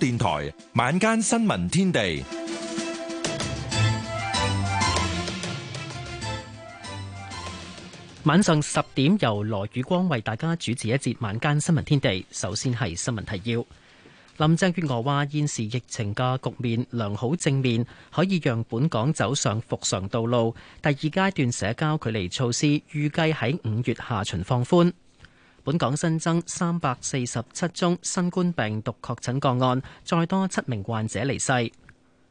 電台晚間新聞天地，晚上十點由羅宇光為大家主持一節晚間新聞天地。首先係新聞提要，林鄭月娥話現時疫情嘅局面良好正面，可以讓本港走上復常道路。第二階段社交距離措施預計喺五月下旬放寬。本港新增三百四十七宗新冠病毒確診個案，再多七名患者離世。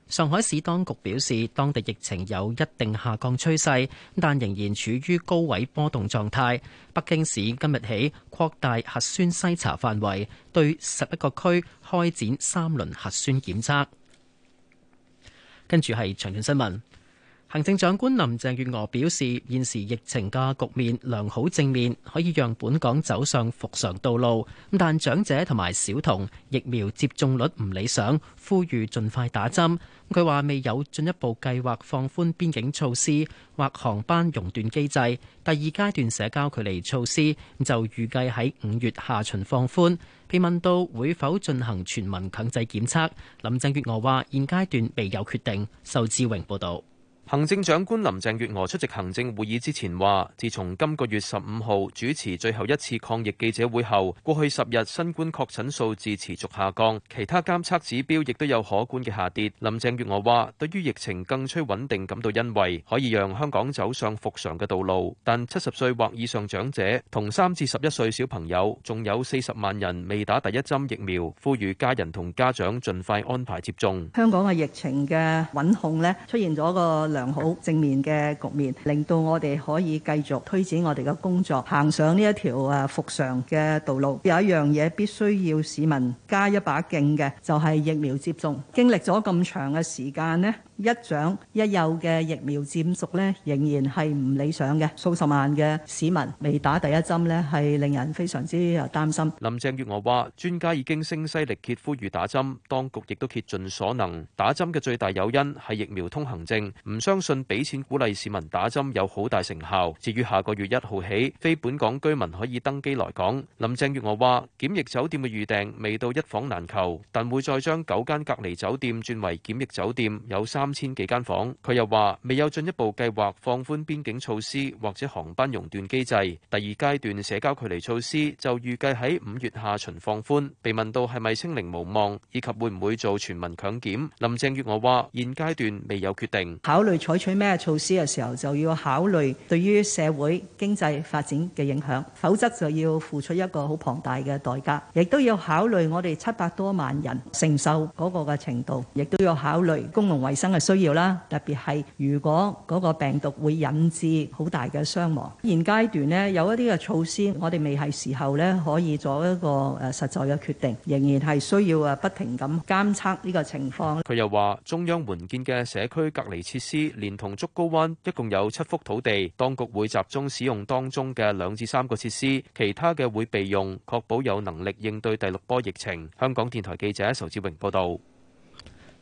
上海市當局表示，當地疫情有一定下降趨勢，但仍然處於高位波動狀態。北京市今日起擴大核酸篩查範圍，對十一個區開展三輪核酸檢測。跟住係詳盡新聞。行政長官林鄭月娥表示，現時疫情嘅局面良好正面，可以讓本港走上復常道路。但長者同埋小童疫苗接種率唔理想，呼籲盡快打針。佢話未有進一步計劃放寬邊境措施或航班熔斷機制。第二階段社交距離措施就預計喺五月下旬放寬。被問到會否進行全民強制檢測，林鄭月娥話現階段未有決定。仇志榮報道。行政長官林鄭月娥出席行政會議之前話，自從今個月十五號主持最後一次抗疫記者會後，過去十日新冠確診數字持續下降，其他監測指標亦都有可觀嘅下跌。林鄭月娥話，對於疫情更趨穩定感到欣慰，可以讓香港走上復常嘅道路。但七十歲或以上長者同三至十一歲小朋友，仲有四十萬人未打第一針疫苗，呼籲家人同家長盡快安排接種。香港嘅疫情嘅穩控呢出現咗個良好正面嘅局面，令到我哋可以繼續推展我哋嘅工作，行上呢一條誒復常嘅道路。有一樣嘢必須要市民加一把勁嘅，就係、是、疫苗接種。經歷咗咁長嘅時間咧。一長一幼嘅疫苗漸熟呢，仍然係唔理想嘅。數十萬嘅市民未打第一針呢，係令人非常之擔心。林鄭月娥話：專家已經聲嘶力竭呼籲打針，當局亦都竭盡所能。打針嘅最大誘因係疫苗通行證，唔相信俾錢鼓勵市民打針有好大成效。至於下個月一號起，非本港居民可以登機來港。林鄭月娥話：檢疫酒店嘅預訂未到一房難求，但會再將九間隔離酒店轉為檢疫酒店，有三三千幾間房，佢又話未有進一步計劃放寬邊境措施或者航班熔斷機制。第二階段社交距離措施就預計喺五月下旬放寬。被問到係咪清零無望以及會唔會做全民強檢，林鄭月娥話現階段未有決定，考慮採取咩措施嘅時候就要考慮對於社會經濟發展嘅影響，否則就要付出一個好龐大嘅代價，亦都要考慮我哋七百多萬人承受嗰個嘅程度，亦都要考慮公共衛生嘅。需要啦，特別係如果嗰個病毒會引致好大嘅傷亡，現階段咧有一啲嘅措施，我哋未係時候咧可以做一個誒實在嘅決定，仍然係需要誒不停咁監測呢個情況。佢又話，中央援建嘅社區隔離設施，連同竹篙灣一共有七幅土地，當局會集中使用當中嘅兩至三個設施，其他嘅會備用，確保有能力應對第六波疫情。香港電台記者仇志榮報道。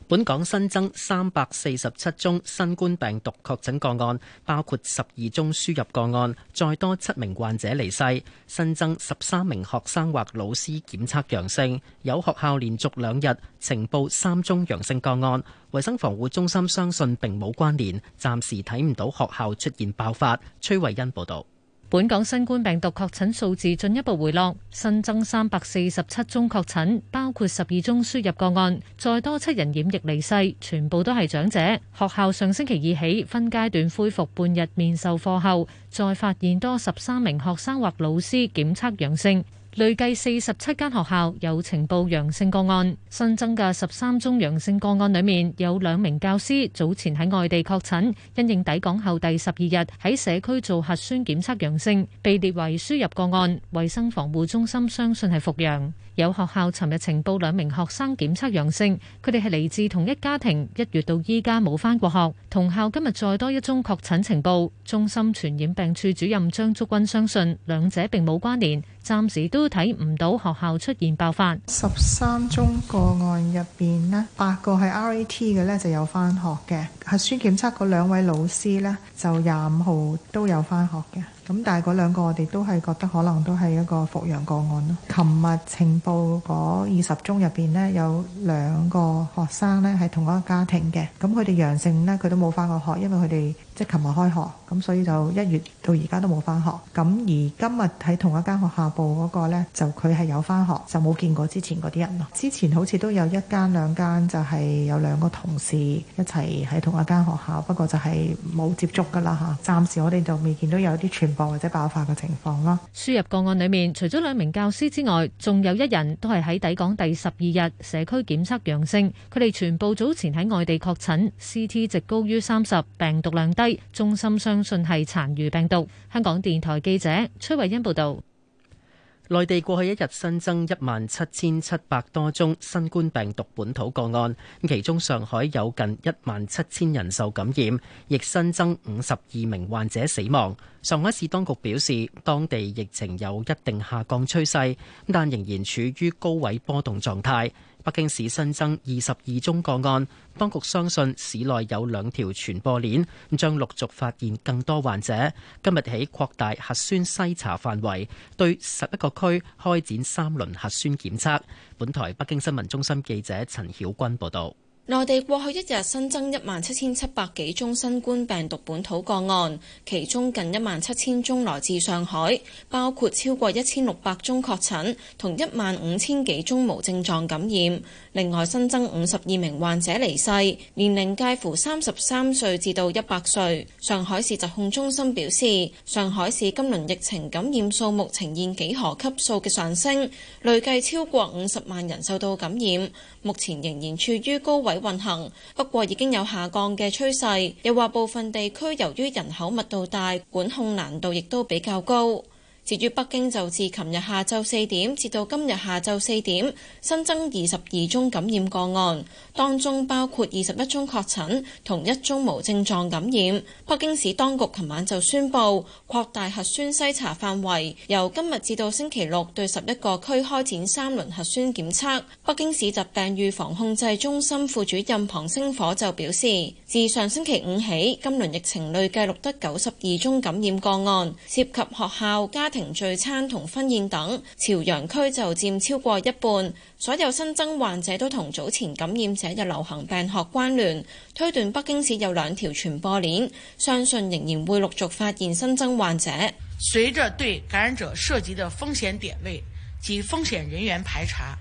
本港新增三百四十七宗新冠病毒確診個案，包括十二宗輸入個案，再多七名患者離世，新增十三名學生或老師檢測陽性，有學校連續兩日呈報三宗陽性個案。衛生防護中心相信並冇關聯，暫時睇唔到學校出現爆發。崔慧欣報道。本港新冠病毒確診數字進一步回落，新增三百四十七宗確診，包括十二宗輸入個案，再多七人染疫離世，全部都係長者。學校上星期二起分階段恢復半日面授課後，再發現多十三名學生或老師檢測陽性。累計四十七間學校有呈報陽性個案，新增嘅十三宗陽性個案裏面，有兩名教師早前喺外地確診，因應抵港後第十二日喺社區做核酸檢測陽性，被列為輸入個案。衛生防護中心相信係復陽。有學校尋日呈報兩名學生檢測陽性，佢哋係嚟自同一家庭，一月到依家冇返過學。同校今日再多一宗確診情報，中心傳染病處主任張竹君相信兩者並冇關聯，暫時都睇唔到學校出現爆發。十三宗個案入面呢，八個係 RAT 嘅呢就有返學嘅。核酸檢測嗰兩位老師呢，就廿五號都有返學嘅。咁但係嗰兩個我哋都係覺得可能都係一個復陽個案咯。琴日情報嗰二十宗入邊咧，有兩個學生咧係同一個家庭嘅，咁佢哋陽性咧，佢都冇返過學，因為佢哋即係琴日開學。咁所以就一月到而家都冇翻學。咁而今日喺同一間學校報嗰個咧，就佢係有翻學，就冇見過之前嗰啲人咯。之前好似都有一間兩間，就係有兩個同事一齊喺同一間學校，不過就係冇接觸噶啦吓，暫時我哋就未見到有啲傳播或者爆發嘅情況咯。輸入個案裏面，除咗兩名教師之外，仲有一人都係喺抵港第十二日社區檢測陽性，佢哋全部早前喺外地確診，CT 值高於三十，病毒量低，中心雙。相信係殘餘病毒。香港電台記者崔慧欣報道，內地過去一日新增一萬七千七百多宗新冠病毒本土個案，其中上海有近一萬七千人受感染，亦新增五十二名患者死亡。上海市當局表示，當地疫情有一定下降趨勢，但仍然處於高位波動狀態。北京市新增二十二宗個案，當局相信市內有兩條傳播鏈，將陸續發現更多患者。今日起擴大核酸篩查範圍，對十一個區開展三輪核酸檢測，本台北京新聞中心記者陳曉君報道。內地過去一日新增一萬七千七百幾宗新冠病毒本土個案，其中近一萬七千宗來自上海，包括超過一千六百宗確診，同一萬五千幾宗無症狀感染。另外新增五十二名患者離世，年齡介乎三十三歲至到一百歲。上海市疾控中心表示，上海市今輪疫情感染數目呈現幾何級數嘅上升，累計超過五十萬人受到感染，目前仍然處於高位。運行，不過已經有下降嘅趨勢，又話部分地區由於人口密度大，管控難度亦都比較高。至於北京就自琴日下晝四點至到今日下晝四點新增二十二宗感染個案，當中包括二十一宗確診同一宗無症狀感染。北京市當局琴晚就宣布擴大核酸篩查範圍，由今日至到星期六對十一個區開展三輪核酸檢測。北京市疾病預防控制中心副主任龐星火就表示，自上星期五起，今輪疫情累計錄得九十二宗感染個案，涉及學校家庭、聚餐同婚宴等，朝陽區就佔超過一半。所有新增患者都同早前感染者嘅流行病學關聯，推斷北京市有兩條傳播鏈，相信仍然會陸續發現新增患者。隨着對感染者涉及的風險點位及風險人員排查，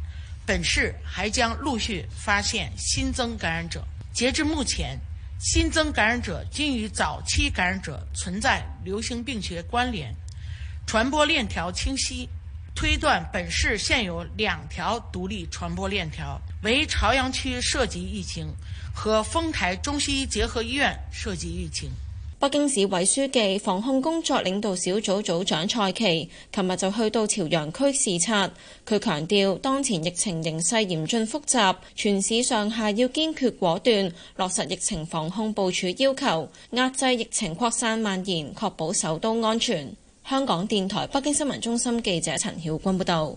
本市還將陸續發現新增感染者。截至目前，新增感染者均與早期感染者存在流行病學關聯。傳播鏈條清晰，推斷本市現有兩條獨立傳播鏈條，為朝陽區涉及疫情和豐台中西醫結合醫院涉及疫情。北京市委書記、防控工作領導小組組長蔡奇，琴日就去到朝陽區視察，佢強調，當前疫情形勢嚴峻複雜，全市上下要堅決果斷落實疫情防控部署要求，壓制疫情擴散蔓延，確保首都安全。香港電台北京新聞中心記者陳曉君報道，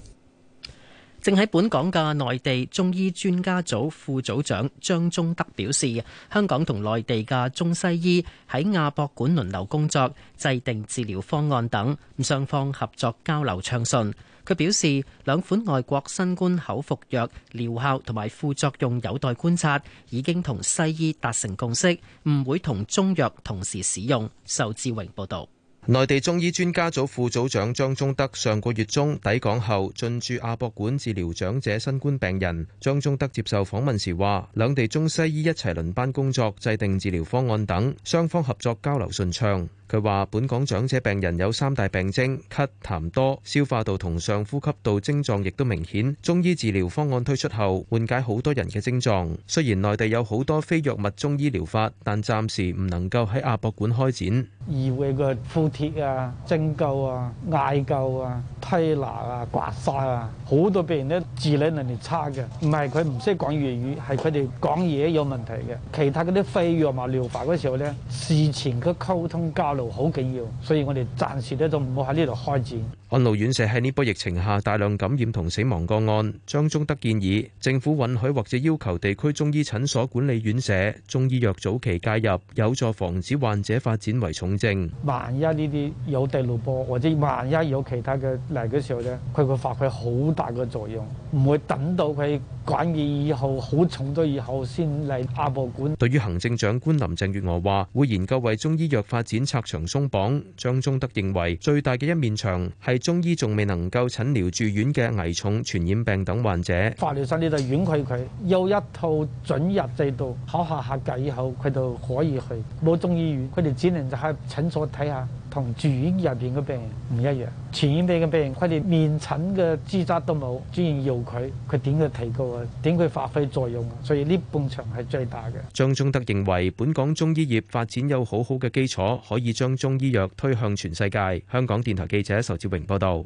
正喺本港嘅內地中醫專家組副組長張忠德表示，香港同內地嘅中西醫喺亞博館輪流工作，制定治療方案等，雙方合作交流暢順。佢表示，兩款外國新冠口服藥療效同埋副作用有待觀察，已經同西醫達成共識，唔會同中藥同時使用。仇志榮報道。內地中醫專家組副組長張忠德上個月中抵港後，進駐亞博館治療長者新冠病人。張忠德接受訪問時話，兩地中西醫一齊輪班工作，制定治療方案等，雙方合作交流順暢。佢話本港長者病人有三大病徵咳痰多、消化道同上呼吸道症狀亦都明顯，中醫治療方案推出後，緩解好多人嘅症狀，雖然內地有好多非藥物中醫療法，但暫時唔能夠喺亞博館開展。而會個敷貼啊、針灸啊、艾灸啊、推拿啊、刮痧啊，好多病人咧自理能力差嘅，唔係，佢唔識講粵語，係佢哋講嘢有問題嘅。其他嗰啲非藥物療法嗰時候咧，事前嘅溝通交流。好緊要，所以我哋暫時咧就唔好喺呢度開展。安老院舍喺呢波疫情下大量感染同死亡個案，張忠德建議政府允許或者要求地區中醫診所管理院舍中醫藥早期介入，有助防止患者發展為重症。萬一呢啲有第六波，或者萬一有其他嘅嚟，嘅時候咧，佢會發揮好大嘅作用，唔會等到佢感染以後好重咗以後先嚟壓步管。對於行政長官林鄭月娥話會研究為中醫藥發展拆牆鬆綁，張忠德認為最大嘅一面牆係。中醫仲未能夠診療住院嘅危重傳染病等患者，化療室呢度遠佢佢有一套准入制度，考核合格以後，佢就可以去冇中醫院，佢哋只能就喺診所睇下。同住院入邊嘅病人唔一樣，傳染病嘅病人，佢哋面診嘅資質都冇，專然要佢，佢點去提高啊？點去發揮作用啊？所以呢半場係最大嘅。張忠德認為本港中醫業發展有好好嘅基礎，可以將中醫藥推向全世界。香港電台記者仇志榮報道。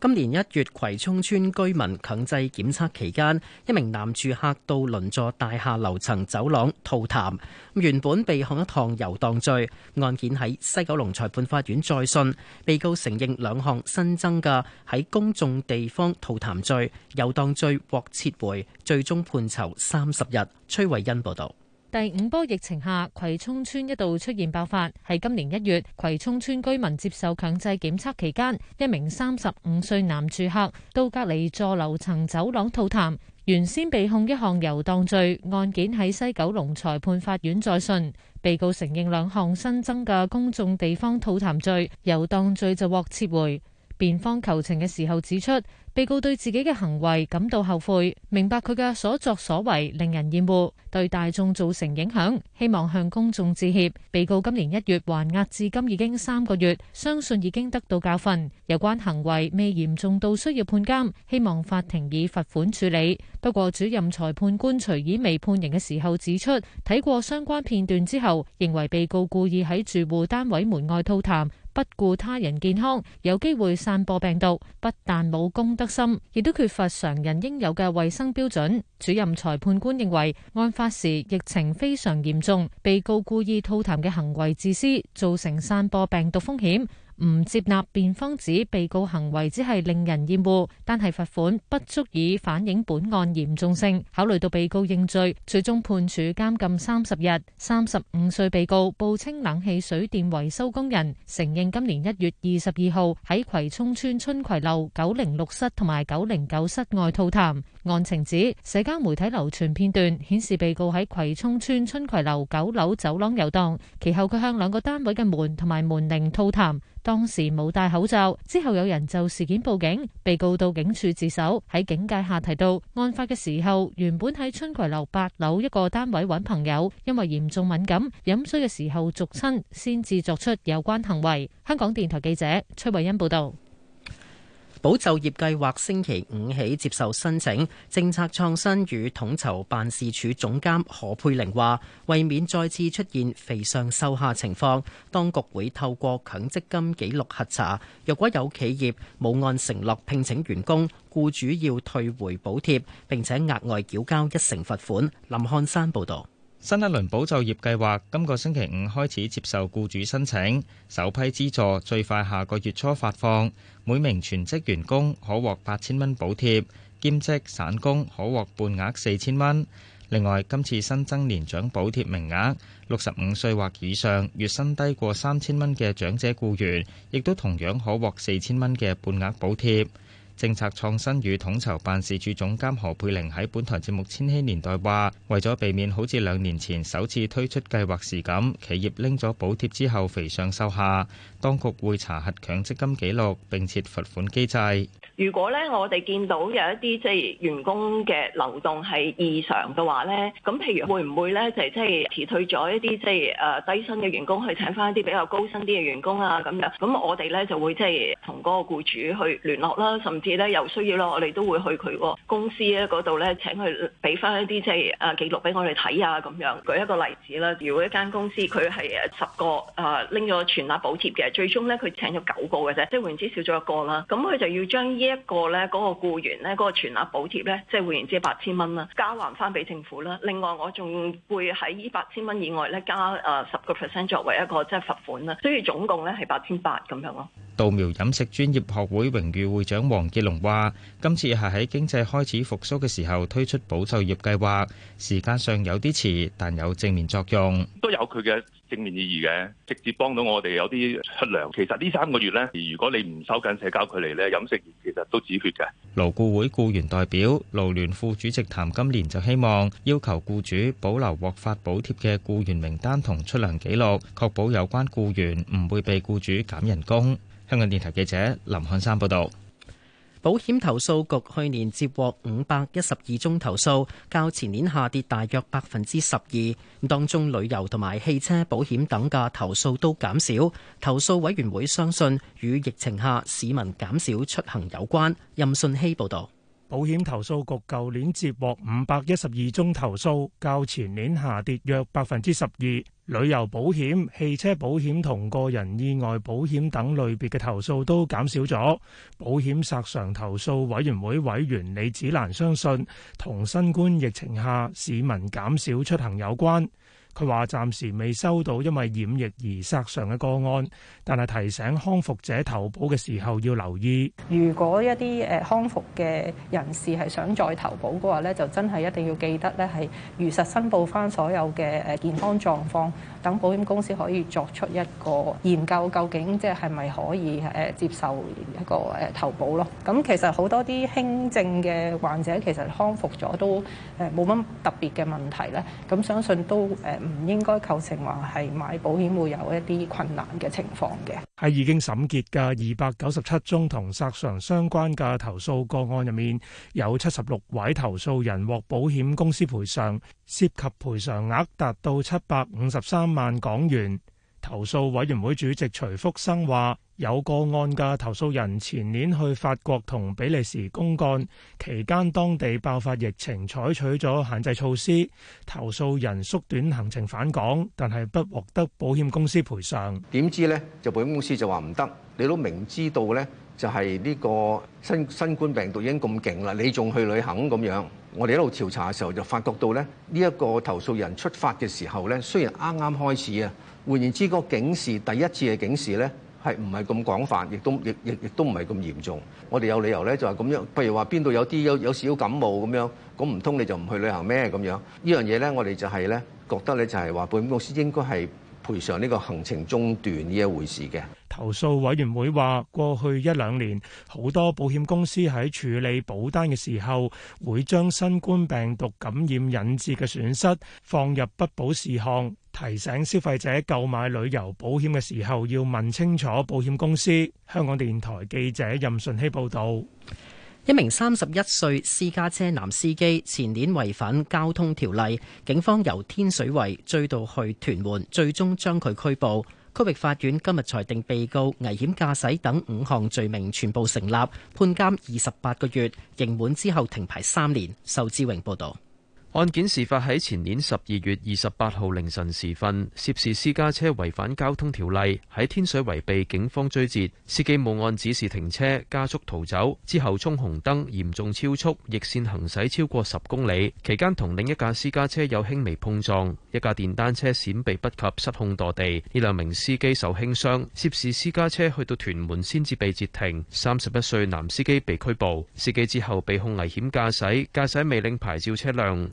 今年一月，葵涌村居民強制檢測期間，一名男住客到鄰座大廈樓層走廊吐痰，原本被控一項遊蕩罪，案件喺西九龍裁判法院再訊，被告承認兩項新增嘅喺公眾地方吐痰罪、遊蕩罪獲撤回，最終判囚三十日。崔慧欣報道。第五波疫情下，葵涌村一度出現爆發。喺今年一月，葵涌村居民接受強制檢測期間，一名三十五歲男住客到隔離座樓層走廊吐痰，原先被控一項遊蕩罪，案件喺西九龍裁判法院再訊，被告承認兩項新增嘅公眾地方吐痰罪、遊蕩罪就獲撤回，辯方求情嘅時候指出。被告對自己嘅行為感到後悔，明白佢嘅所作所為令人厭惡，對大眾造成影響，希望向公眾致歉。被告今年一月還押至今已經三個月，相信已經得到教訓。有關行為未嚴重到需要判監，希望法庭以罰款處理。不過，主任裁判官徐綺薇判刑嘅時候指出，睇過相關片段之後，認為被告故意喺住戶單位門外吐痰。不顧他人健康，有機會散播病毒，不但冇公德心，亦都缺乏常人應有嘅衛生標準。主任裁判官認為，案發時疫情非常嚴重，被告故意吐痰嘅行為自私，造成散播病毒風險。唔接納辯方指被告行為只係令人厭惡，但係罰款不足以反映本案嚴重性。考慮到被告認罪，最終判處監禁三十日。三十五歲被告報稱冷氣水電維修工人，承認今年一月二十二號喺葵涌村春葵路九零六室同埋九零九室外吐痰。案情指，社交媒體流傳片段顯示被告喺葵涌村春葵樓九樓走廊遊蕩，其後佢向兩個單位嘅門同埋門鈴吐痰，當時冇戴口罩。之後有人就事件報警，被告到警署自首。喺警戒下提到，案發嘅時候原本喺春葵樓八樓一個單位揾朋友，因為嚴重敏感，飲水嘅時候續親先至作出有關行為。香港電台記者崔慧欣報道。保就業計劃星期五起接受申請，政策創新與統籌辦事處總監何佩玲話：為免再次出現肥上瘦下情況，當局會透過強積金記錄核查，若果有企業冇按承諾聘，聘請員工，僱主要退回補貼並且額外繳交一成罰款。林漢山報導。新一輪保就業計劃今個星期五開始接受僱主申請，首批資助最快下個月初發放，每名全職員工可獲八千蚊補貼，兼職散工可獲半額四千蚊。另外，今次新增年長補貼名額，六十五歲或以上月薪低過三千蚊嘅長者僱員，亦都同樣可獲四千蚊嘅半額補貼。政策創新與統籌辦事處總監何佩玲喺本台節目《千禧年代》話：為咗避免好似兩年前首次推出計劃時咁，企業拎咗補貼之後肥上瘦下，當局會查核強積金記錄，並設罰款機制。如果咧我哋見到有一啲即係員工嘅流動係異常嘅話咧，咁譬如會唔會咧就係即係辭退咗一啲即係誒低薪嘅員工，去請翻一啲比較高薪啲嘅員工啊咁樣？咁我哋咧就會即係同嗰個僱主去聯絡啦，甚至。有需要咯，我哋都會去佢公司嗰度咧請佢俾翻一啲即係啊記錄俾我哋睇啊咁樣。舉一個例子啦，如果一間公司佢係誒十個啊拎咗全額補貼嘅，最終咧佢請咗九個嘅啫，即係換言之少咗一個啦。咁佢就要將呢一個咧嗰個僱員咧嗰個全額補貼咧，即係換言之八千蚊啦，交還翻俾政府啦。另外我仲會喺呢八千蚊以外咧加啊十個 percent 作為一個即係罰款啦，所以總共咧係八千八咁樣咯。稻苗飲食專業學會榮譽會長王李龍話：今次係喺經濟開始復蘇嘅時候推出保就業計劃，時間上有啲遲，但有正面作用，都有佢嘅正面意義嘅，直接幫到我哋有啲出糧。其實呢三個月咧，如果你唔收緊社交距離咧，飲食業其實都止血嘅。勞雇會雇員代表勞聯副主席譚金蓮就希望要求雇主保留獲發補貼嘅雇員名單同出糧記錄，確保有關雇員唔會被雇主減人工。香港電台記者林漢山報道。保險投訴局去年接獲五百一十二宗投訴，較前年下跌大約百分之十二。咁當中旅遊同埋汽車保險等嘅投訴都減少。投訴委員會相信與疫情下市民減少出行有關。任信希報導。保險投訴局舊年接獲五百一十二宗投訴，較前年下跌約百分之十二。旅遊保險、汽車保險同個人意外保險等類別嘅投訴都減少咗。保險索償投訴委員會委員李子蘭相信，同新冠疫情下市民減少出行有關。佢話暫時未收到因為染疫而殺上嘅個案，但係提醒康復者投保嘅時候要留意。如果一啲誒康復嘅人士係想再投保嘅話咧，就真係一定要記得咧係如實申報翻所有嘅誒健康狀況，等保險公司可以作出一個研究，究竟即係咪可以誒接受一個誒投保咯。咁其實好多啲輕症嘅患者其實康復咗都誒冇乜特別嘅問題咧，咁相信都誒。唔應該構成話係買保險會有一啲困難嘅情況嘅。喺已經審結嘅二百九十七宗同賠償相關嘅投訴個案入面，有七十六位投訴人獲保險公司賠償，涉及賠償額達到七百五十三萬港元。投訴委員會主席徐福生話：有個案嘅投訴人前年去法國同比利時公幹，期間當地爆發疫情，採取咗限制措施。投訴人縮短行程返港，但係不獲得保險公司賠償。點知呢，就保險公司就話唔得，你都明知道呢，就係、是、呢個新新冠病毒已經咁勁啦，你仲去旅行咁樣。我哋一路調查嘅時候就發覺到呢，呢、這、一個投訴人出發嘅時候呢，雖然啱啱開始啊。換言之，個警示第一次嘅警示呢，係唔係咁廣泛，亦都亦亦都唔係咁嚴重。我哋有理由呢，就係咁樣，譬如話邊度有啲有有少感冒咁樣，咁唔通你就唔去旅行咩？咁樣呢樣嘢呢，我哋就係呢，覺得呢，就係話保險公司應該係賠償呢個行程中斷呢一回事嘅。投訴委員會話，過去一兩年好多保險公司喺處理保單嘅時候，會將新冠病毒感染引致嘅損失放入不保事項。提醒消費者購買旅遊保險嘅時候，要問清楚保險公司。香港電台記者任順希報導。一名三十一歲私家車男司機前年違反交通條例，警方由天水圍追到去屯門，最終將佢拘捕。區域法院今日裁定被告危險駕駛等五項罪名全部成立，判監二十八個月，刑滿之後停牌三年。仇志榮報導。案件事發喺前年十二月二十八號凌晨時分，涉事私家車違反交通條例，喺天水圍被警方追截，司機冇按指示停車，加速逃走，之後衝紅燈，嚴重超速，逆線行駛超過十公里，期間同另一架私家車有輕微碰撞，一架電單車閃避不及失控墮地，呢兩名司機受輕傷。涉事私家車去到屯門先至被截停，三十一歲男司機被拘捕，司機之後被控危險駕駛、駕駛未領牌照車輛。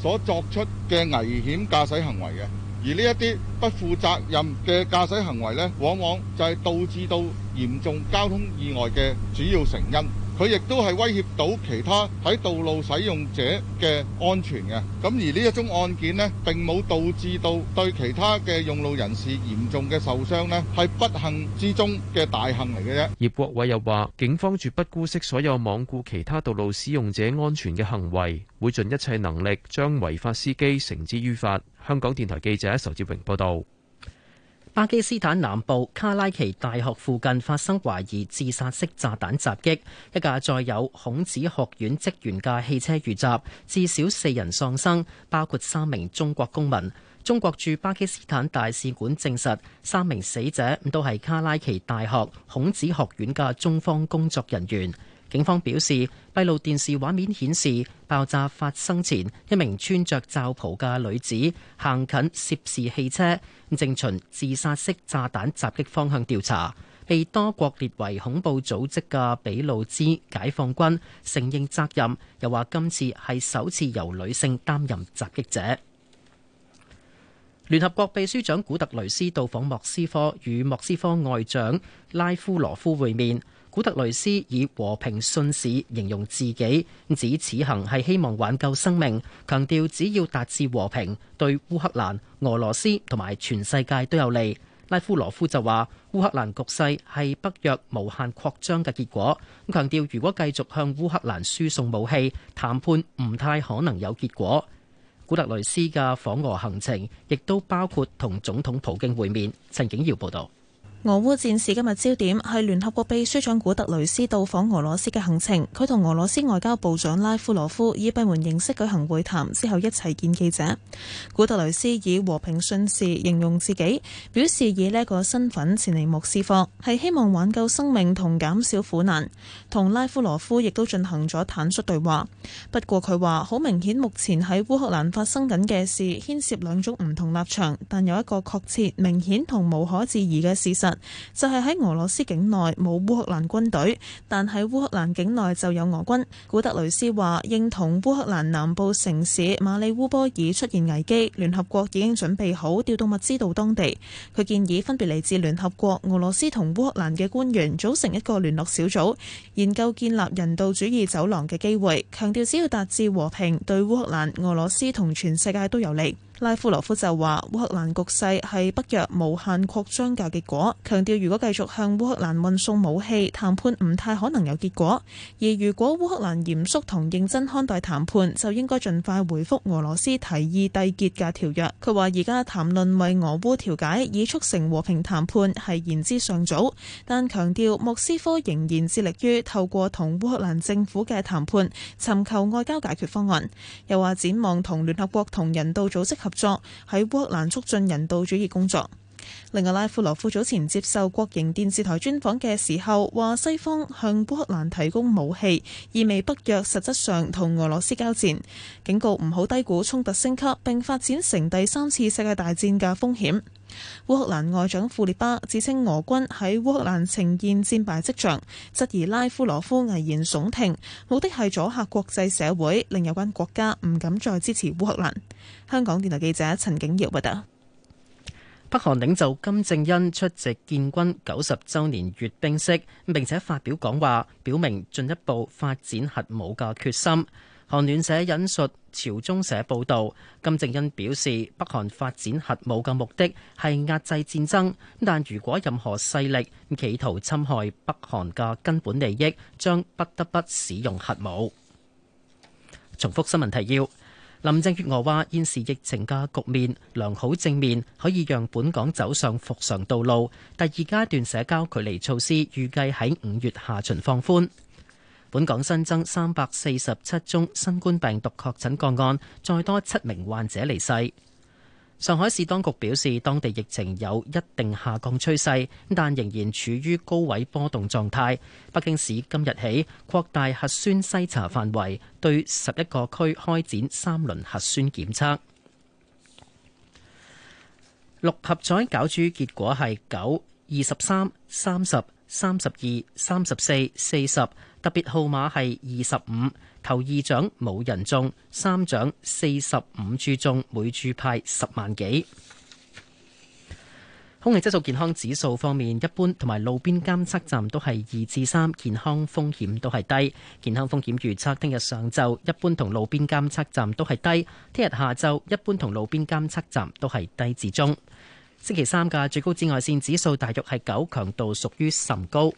所作出嘅危險駕駛行為嘅，而呢一啲不負責任嘅駕駛行為咧，往往就係導致到嚴重交通意外嘅主要成因。佢亦都係威脅到其他喺道路使用者嘅安全嘅。咁而呢一宗案件呢，並冇導致到對其他嘅用路人士嚴重嘅受傷呢，係不幸之中嘅大幸嚟嘅啫。葉國偉又話，警方絕不姑息所有罔顧其他道路使用者安全嘅行為，會盡一切能力將違法司機繩之於法。香港電台記者仇志榮報道。巴基斯坦南部卡拉奇大學附近發生懷疑自殺式炸彈襲擊，一架載有孔子學院職員嘅汽車遇襲，至少四人喪生，包括三名中國公民。中國駐巴基斯坦大使館證實，三名死者都係卡拉奇大學孔子學院嘅中方工作人員。警方表示，閉路電視畫面顯示爆炸發生前，一名穿着罩袍嘅女子行近涉事汽車，正循自殺式炸彈襲擊方向調查。被多國列為恐怖組織嘅俾路支解放軍承認責任，又話今次係首次由女性擔任襲擊者。聯合國秘書長古特雷斯到訪莫斯科，與莫斯科外長拉夫羅夫會面。古特雷斯以和平信使形容自己，指此行係希望挽救生命，強調只要達至和平，對烏克蘭、俄羅斯同埋全世界都有利。拉夫羅夫就話，烏克蘭局勢係北約無限擴張嘅結果，強調如果繼續向烏克蘭輸送武器，談判唔太可能有結果。古特雷斯嘅訪俄行程亦都包括同總統普京會面。陳景堯報道。俄烏戰事今日焦點係聯合國秘書長古特雷斯到訪俄羅斯嘅行程，佢同俄羅斯外交部長拉夫羅夫以閉門形式舉行會談之後一齊見記者。古特雷斯以和平信使形容自己，表示以呢個身份前嚟莫斯科係希望挽救生命同減少苦難。同拉夫羅夫亦都進行咗坦率對話，不過佢話好明顯目前喺烏克蘭發生緊嘅事牽涉兩種唔同立場，但有一個確切、明顯同無可置疑嘅事實。就係喺俄羅斯境內冇烏克蘭軍隊，但喺烏克蘭境內就有俄軍。古特雷斯話：認同烏克蘭南部城市馬利烏波爾出現危機，聯合國已經準備好調動物資到當地。佢建議分別嚟自聯合國、俄羅斯同烏克蘭嘅官員組成一個聯絡小組，研究建立人道主義走廊嘅機會。強調只要達至和平，對烏克蘭、俄羅斯同全世界都有利。拉夫羅夫就話：烏克蘭局勢係北約無限擴張嘅結果，強調如果繼續向烏克蘭運送武器，談判唔太可能有結果。而如果烏克蘭嚴肅同認真看待談判，就應該盡快回覆俄羅斯提議締結嘅條約。佢話：而家談論為俄烏調解以促成和平談判係言之尚早，但強調莫斯科仍然致力於透過同烏克蘭政府嘅談判尋求外交解決方案。又話展望同聯合國同人道組織合作喺烏克蘭促進人道主義工作。另外，拉夫羅夫早前接受國營電視台專訪嘅時候話，西方向烏克蘭提供武器，意味北約實質上同俄羅斯交戰，警告唔好低估衝突升級並發展成第三次世界大戰嘅風險。烏克蘭外長庫列巴自稱俄軍喺烏克蘭呈現戰敗跡象，質疑拉夫羅夫危言聳聽，目的係阻嚇國際社會，令有關國家唔敢再支持烏克蘭。香港電台記者陳景堯報道，北韓領袖金正恩出席建軍九十週年閱兵式，並且發表講話，表明進一步發展核武嘅決心。韓聯社引述朝中社報道，金正恩表示，北韓發展核武嘅目的係壓制戰爭，但如果任何勢力企圖侵害北韓嘅根本利益，將不得不使用核武。重複新聞提要。林鄭月娥話：現時疫情嘅局面良好正面，可以讓本港走上復常道路。第二階段社交距離措施預計喺五月下旬放寬。本港新增三百四十七宗新冠病毒確診個案，再多七名患者離世。上海市當局表示，當地疫情有一定下降趨勢，但仍然處於高位波動狀態。北京市今日起擴大核酸篩查範圍，對十一個區開展三輪核酸檢測。六合彩攪珠結果係九、二十三、三十、三十二、三十四、四十，特別號碼係二十五。頭二獎冇人中，三獎四十五注中，每注派十萬幾。空氣質素健康指數方面，一般同埋路邊監測站都係二至三，健康風險都係低。健康風險預測，聽日上晝一般同路邊監測站都係低，聽日下晝一般同路邊監測站都係低至中。星期三嘅最高紫外線指數大約係九，強度屬於甚高。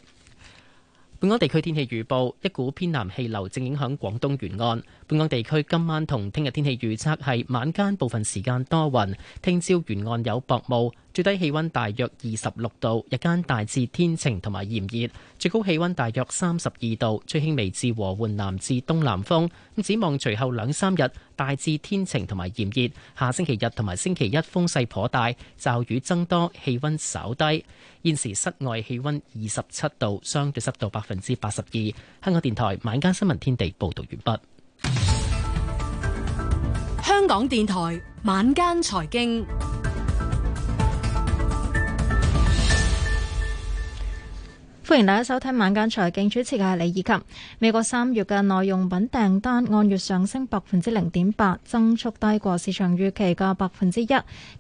本港地區天氣預報：一股偏南氣流正影響廣東沿岸。本港地區今晚同聽日天氣預測係晚間部分時間多雲，聽朝沿岸有薄霧。最低氣溫大約二十六度，日間大致天晴同埋炎熱，最高氣溫大約三十二度，吹輕微至和緩南至東南風。咁展望隨後兩三日大致天晴同埋炎熱，下星期日同埋星期一風勢頗大，驟雨增多，氣溫稍低。現時室外氣溫二十七度，相對濕度百分之八十二。香港電台晚間新聞天地報道完畢。香港電台晚間財經。歡迎大家收聽晚間財經，主持嘅係李以琴。美國三月嘅耐用品訂單按月上升百分之零點八，增速低過市場預期嘅百分之一。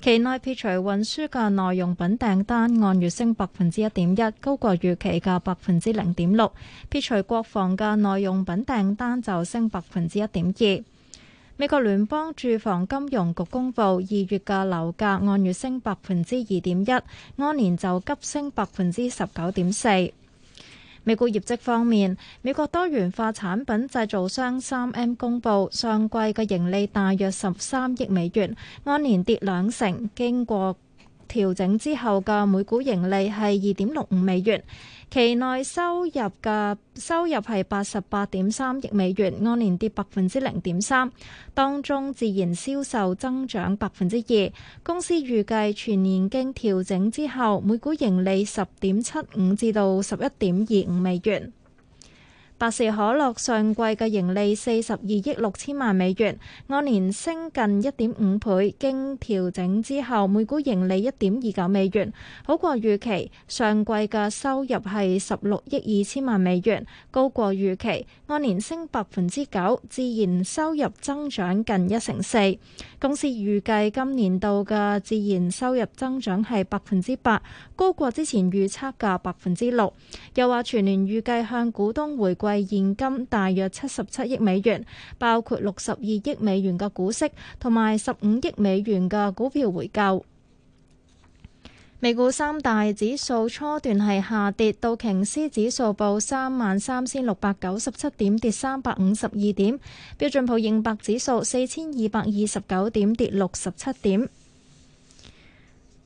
期內撇除運輸嘅耐用品訂單按月升百分之一點一，高過預期嘅百分之零點六。撇除國防嘅耐用品訂單就升百分之一點二。美國聯邦住房金融局公布二月嘅樓價按月升百分之二點一，按年就急升百分之十九點四。美股業績方面，美國多元化產品製造商三 M 公佈上季嘅盈利大約十三億美元，按年跌兩成，經過調整之後嘅每股盈利係二點六五美元，期內收入嘅收入係八十八點三億美元，按年跌百分之零點三，當中自然銷售增長百分之二。公司預計全年經調整之後每股盈利十點七五至到十一點二五美元。百事可樂上季嘅盈利四十二億六千萬美元，按年升近一點五倍，經調整之後每股盈利一點二九美元，好過預期。上季嘅收入係十六億二千萬美元，高過預期，按年升百分之九，自然收入增長近一成四。公司預計今年度嘅自然收入增長係百分之八，高過之前預測嘅百分之六。又話全年預計向股東回饋為現金大約七十七億美元，包括六十二億美元嘅股息，同埋十五億美元嘅股票回購。美股三大指數初段係下跌，道瓊斯指數報三萬三千六百九十七點，跌三百五十二點；標準普爾五百指數四千二百二十九點，跌六十七點。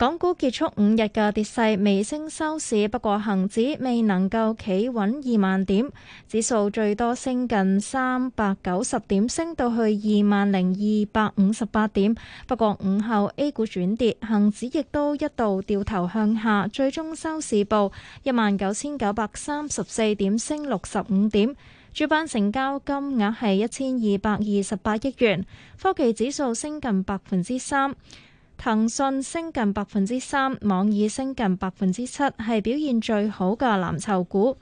港股結束五日嘅跌勢，微升收市，不過恒指未能夠企穩二萬點，指數最多升近三百九十點，升到去二萬零二百五十八點。不過午後 A 股轉跌，恒指亦都一度掉頭向下，最終收市報一萬九千九百三十四點，升六十五點。主板成交金額係一千二百二十八億元，科技指數升近百分之三。騰訊升近百分之三，網易升近百分之七，係表現最好嘅藍籌股。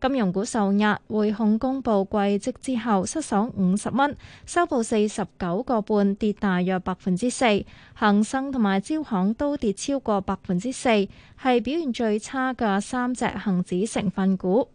金融股受壓，匯控公布季績之後失守五十蚊，收報四十九個半，跌大約百分之四。恒生同埋招行都跌超過百分之四，係表現最差嘅三隻恒指成分股。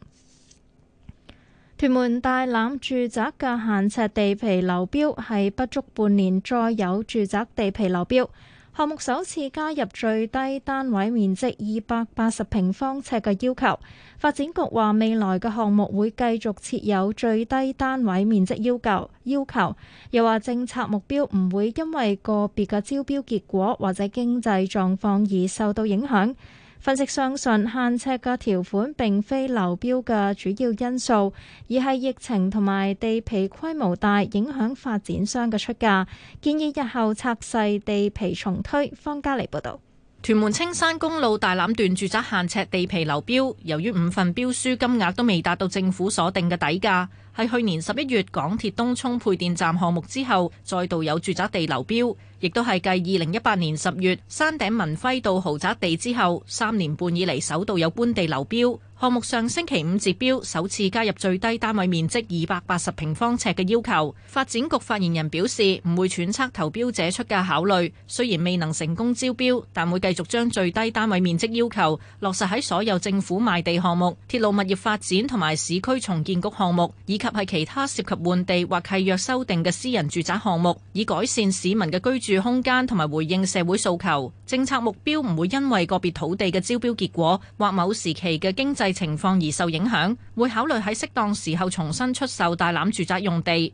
屯門大欖住宅嘅限尺地皮流標，係不足半年再有住宅地皮流標。項目首次加入最低單位面積二百八十平方尺嘅要求。發展局話：未來嘅項目會繼續設有最低單位面積要求。要求又話，政策目標唔會因為個別嘅招標結果或者經濟狀況而受到影響。分析相信限尺嘅條款並非流標嘅主要因素，而係疫情同埋地皮規模大影響發展商嘅出價。建議日後拆細地皮重推。方嘉莉報導，屯門青山公路大欖段，段住宅限尺地皮流標，由於五份標書金額都未達到政府所定嘅底價，係去年十一月港鐵東涌配電站項目之後，再度有住宅地流標，標。亦都係繼二零一八年十月山頂文輝道豪宅地之後三年半以嚟首度有官地流標。項目上星期五截標，首次加入最低單位面積二百八十平方尺嘅要求。發展局發言人表示，唔會揣測投標者出價考慮。雖然未能成功招標，但會繼續將最低單位面積要求落實喺所有政府賣地項目、鐵路物業發展同埋市區重建局項目，以及喺其他涉及換地或契約修訂嘅私人住宅項目，以改善市民嘅居住空間同埋回應社會訴求。政策目標唔會因為個別土地嘅招標結果或某時期嘅經濟情況而受影響，會考慮喺適當時候重新出售大欖住宅用地。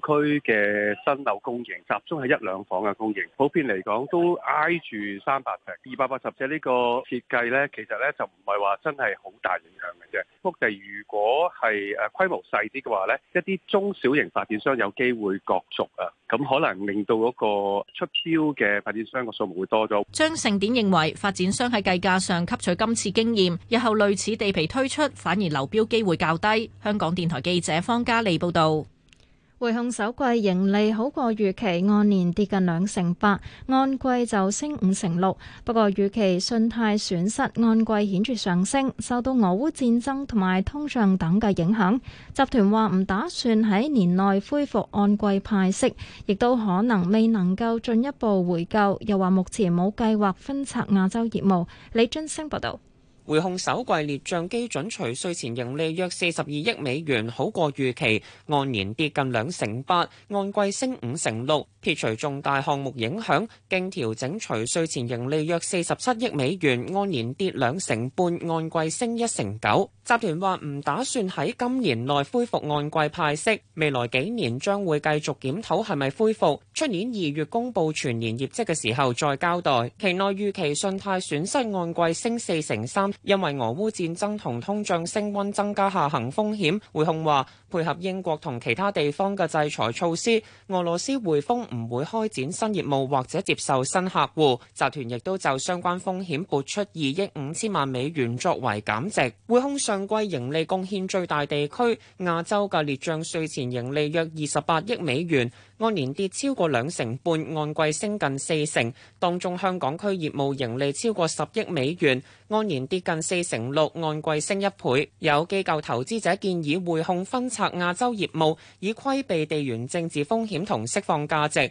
區嘅新樓供應集中係一兩房嘅供應，普遍嚟講都挨住三百尺、二百八十尺呢個設計呢，其實呢就唔係話真係好大影響嘅啫。幅地如果係誒規模細啲嘅話呢，一啲中小型發展商有機會角逐啊，咁可能令到嗰個出標嘅發展商個數目會多咗。張盛典認為發展商喺計價上吸取今次經驗，日後類似地皮推出反而流標機會較低。香港電台記者方嘉利報導。匯控首季盈利好過預期，按年跌近兩成八，按季就升五成六。不過預期信貸損失按季顯著上升，受到俄烏戰爭同埋通脹等嘅影響。集團話唔打算喺年內恢復按季派息，亦都可能未能夠進一步回購。又話目前冇計劃分拆亞洲業務。李津升報道。匯控首季列賬基準除稅前盈利約四十二億美元，好過預期，按年跌近兩成八，按季升五成六。撇除重大項目影響，經調整除稅前盈利約四十七億美元，按年跌兩成半，按季升一成九。集團話唔打算喺今年內恢復按季派息，未來幾年將會繼續檢討係咪恢復。出年二月公布全年業績嘅時候再交代。期內預期信貸損失按季升四成三。因為俄烏戰爭同通脹升溫增加下行風險，匯控話。配合英國同其他地方嘅制裁措施，俄羅斯匯豐唔會開展新業務或者接受新客戶。集團亦都就相關風險撥出二億五千萬美元作為減值。匯控上季盈利貢獻最大地區亞洲嘅列賬稅前盈利約二十八億美元，按年跌超過兩成半，按季升近四成。當中香港區業務盈利超過十億美元，按年跌近四成六，按季升一倍。有機構投資者建議匯控分拆。亞洲業務以規避地緣政治風險同釋放價值。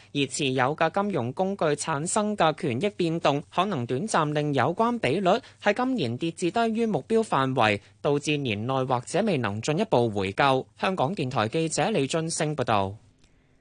而持有嘅金融工具產生嘅權益變動，可能短暫令有關比率喺今年跌至低於目標範圍，導致年內或者未能進一步回購，香港電台記者李俊升報道。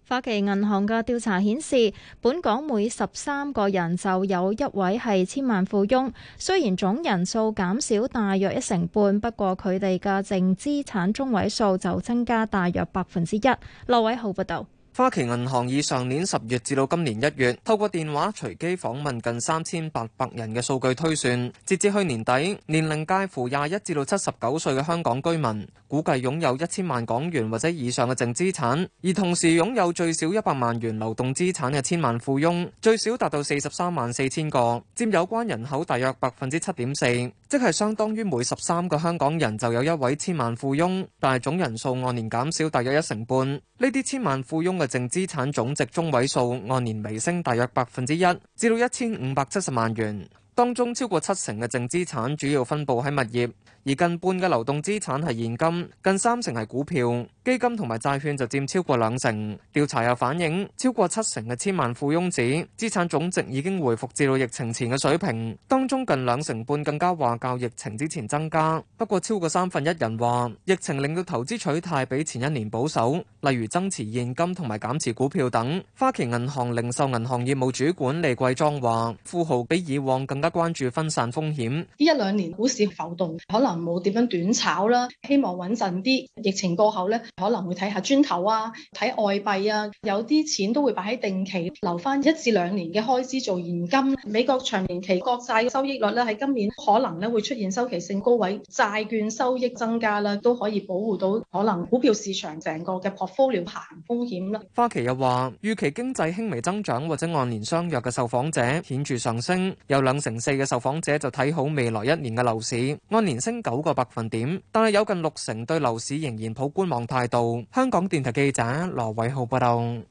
花旗銀行嘅調查顯示，本港每十三個人就有一位係千萬富翁。雖然總人數減少大約一成半，不過佢哋嘅淨資產中位數就增加大約百分之一。羅偉浩報導。花旗銀行以上年十月至到今年一月，透過電話隨機訪問近三千八百人嘅數據推算，截至去年底，年齡介乎廿一至到七十九歲嘅香港居民，估計擁有一千萬港元或者以上嘅淨資產，而同時擁有最少一百萬元流動資產嘅千萬富翁最少達到四十三萬四千個，佔有關人口大約百分之七點四，即係相當於每十三個香港人就有一位千萬富翁，但係總人數按年減少大約一成半。呢啲千萬富翁嘅淨資產總值中位數按年微升大約百分之一，至到一千五百七十萬元。當中超過七成嘅淨資產主要分布喺物業，而近半嘅流動資產係現金，近三成係股票。基金同埋債券就佔超過兩成。調查又反映超過七成嘅千萬富翁指資產總值已經回復至到疫情前嘅水平，當中近兩成半更加話較疫情之前增加。不過超過三分一人話疫情令到投資取態比前一年保守，例如增持現金同埋減持股票等。花旗銀行零售銀行業務主管李桂莊話：富豪比以往更加關注分散風險。呢一兩年股市浮動可能冇點樣短炒啦，希望穩陣啲。疫情過後呢。可能會睇下磚頭啊，睇外幣啊，有啲錢都會擺喺定期，留翻一至兩年嘅開支做現金。美國長年期國債收益率咧喺今年可能咧會出現周期性高位，債券收益增加啦，都可以保護到可能股票市場成個嘅 portfolio 行風險啦。花旗又話，預期經濟輕微增長或者按年相若嘅受訪者顯著上升，有兩成四嘅受訪者就睇好未來一年嘅樓市，按年升九個百分點，但係有近六成對樓市仍然抱觀望態。大道，香港電台記者羅偉浩報道。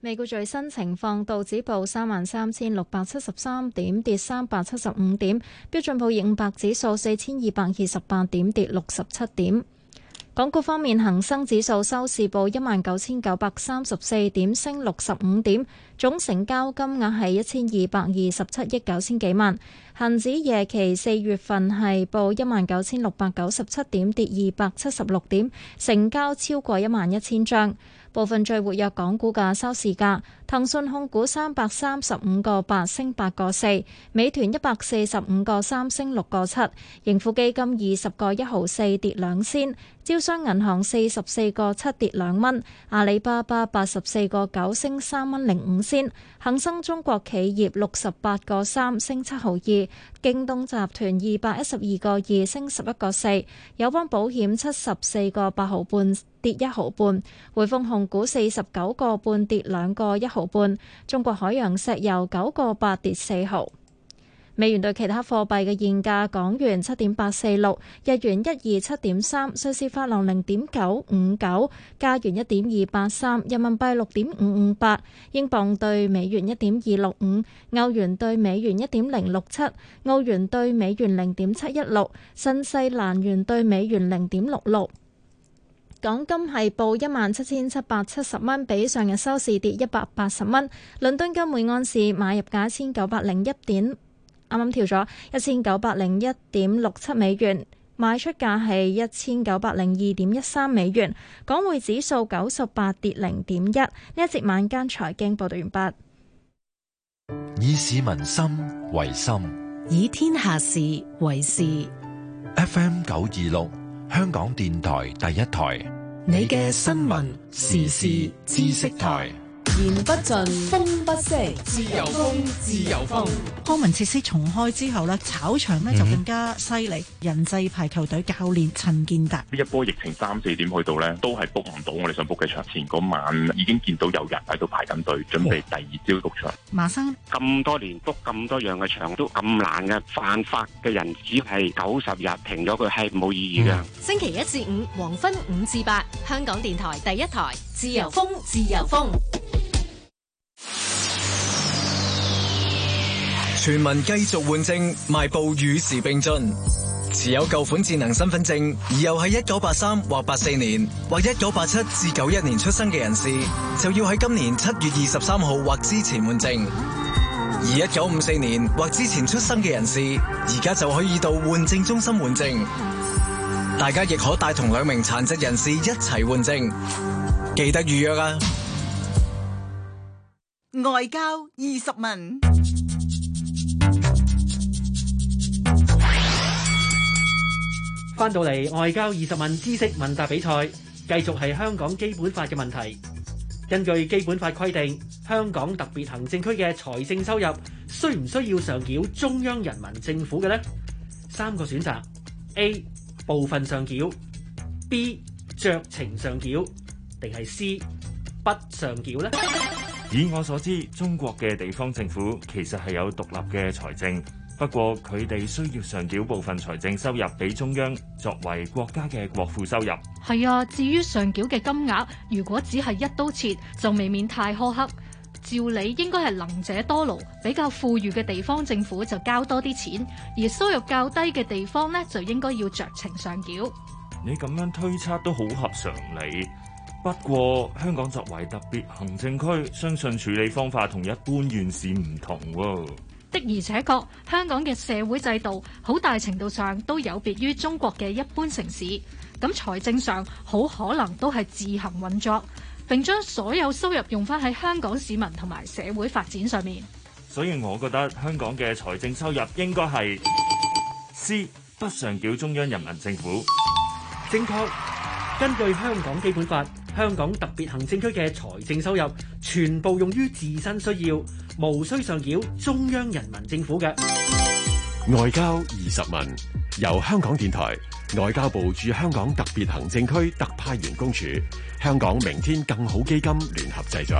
美股最新情況，道指報三萬三千六百七十三點，跌三百七十五點；標準普爾五百指數四千二百二十八點，跌六十七點。港股方面，恒生指數收市報一萬九千九百三十四點，升六十五點，總成交金額係一千二百二十七億九千幾萬。恒指夜期四月份係報一萬九千六百九十七點，跌二百七十六點，成交超過一萬一千張。部分最活躍港股嘅收市價：騰訊控股三百三十五個八升八個四，美團一百四十五個三升六個七，盈富基金二十個一毫四跌兩仙，招商銀行四十四個七跌兩蚊，阿里巴巴八十四個九升三蚊零五仙，恒生中國企業六十八個三升七毫二，京東集團二百一十二個二升十一個四，友邦保險七十四個八毫半，跌一毫半，匯豐控股四十九個半跌兩個一毫半，中國海洋石油九個八跌四毫。美元兌其他貨幣嘅現價：港元七點八四六，日元一二七點三，瑞士法郎零點九五九，加元一點二八三，人民幣六點五五八，英鎊兌美元一點二六五，歐元兌美元一點零六七，澳元兌美元零點七一六，新西蘭元兌美元零點六六。港金係報一萬七千七百七十蚊，比上日收市跌一百八十蚊。倫敦金每盎司買入價一千九百零一點，啱啱調咗一千九百零一點六七美元，賣出價係一千九百零二點一三美元。港匯指數九十八跌零點一。呢一節晚間財經報道完畢。以市民心為心，以天下事為事。F.M. 九二六。香港電台第一台，你嘅新聞時事知識台。言不盡，風不息，自由風，自由風。康文設施重開之後呢，炒場呢就更加犀利。嗯、人際排球隊教練陳建達，呢一波疫情三四點去到呢，都係 book 唔到我哋想 book 嘅場。前嗰晚已經見到有人喺度排緊隊，準備第二朝 book 場。哇馬生，咁多年 book 咁多樣嘅場都咁難嘅，犯法嘅人只要係九十日停咗佢係冇意義嘅。嗯嗯、星期一至五黃昏五至八，香港電台第一台，自由風，自由風。全民繼續換證，邁步與時並進。持有舊款智能身份證，而又喺一九八三或八四年或一九八七至九一年出生嘅人士，就要喺今年七月二十三號或之前換證。而一九五四年或之前出生嘅人士，而家就可以到換證中心換證。大家亦可帶同兩名殘疾人士一齊換證，記得預約啊！外交二十問，翻到嚟外交二十問知識問答比賽，繼續係香港基本法嘅問題。根據基本法規定，香港特別行政區嘅財政收入需唔需要上繳中央人民政府嘅呢？三個選擇：A 部分上繳，B 酌情上繳，定係 C 不上繳呢？以我所知，中國嘅地方政府其實係有獨立嘅財政，不過佢哋需要上繳部分財政收入俾中央，作為國家嘅國庫收入。係啊，至於上繳嘅金額，如果只係一刀切，就未免太苛刻。照理應該係能者多勞，比較富裕嘅地方政府就交多啲錢，而收入較低嘅地方呢，就應該要酌情上繳。你咁樣推測都好合常理。不過，香港作為特別行政區，相信處理方法同一般縣市唔同。哦。的而且確，香港嘅社會制度好大程度上都有別於中國嘅一般城市。咁財政上，好可能都係自行運作，並將所有收入用翻喺香港市民同埋社會發展上面。所以，我覺得香港嘅財政收入應該係 C. 不上繳中央人民政府。正確，根據香港基本法。香港特別行政區嘅財政收入全部用於自身需要，無需上繳中央人民政府嘅外交二十問，由香港電台、外交部駐香港特別行政區特派員公署、香港明天更好基金聯合製作。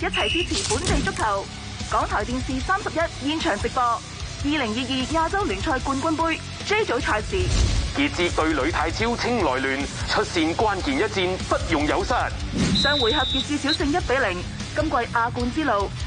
一齊支持本地足球。港台電視三十一現場直播。二零二二亞洲聯賽冠軍杯 J 組賽事，傑志對呂泰超清萊聯出線關鍵一戰不容有失。上回合傑志小勝一比零，今季亞冠之路。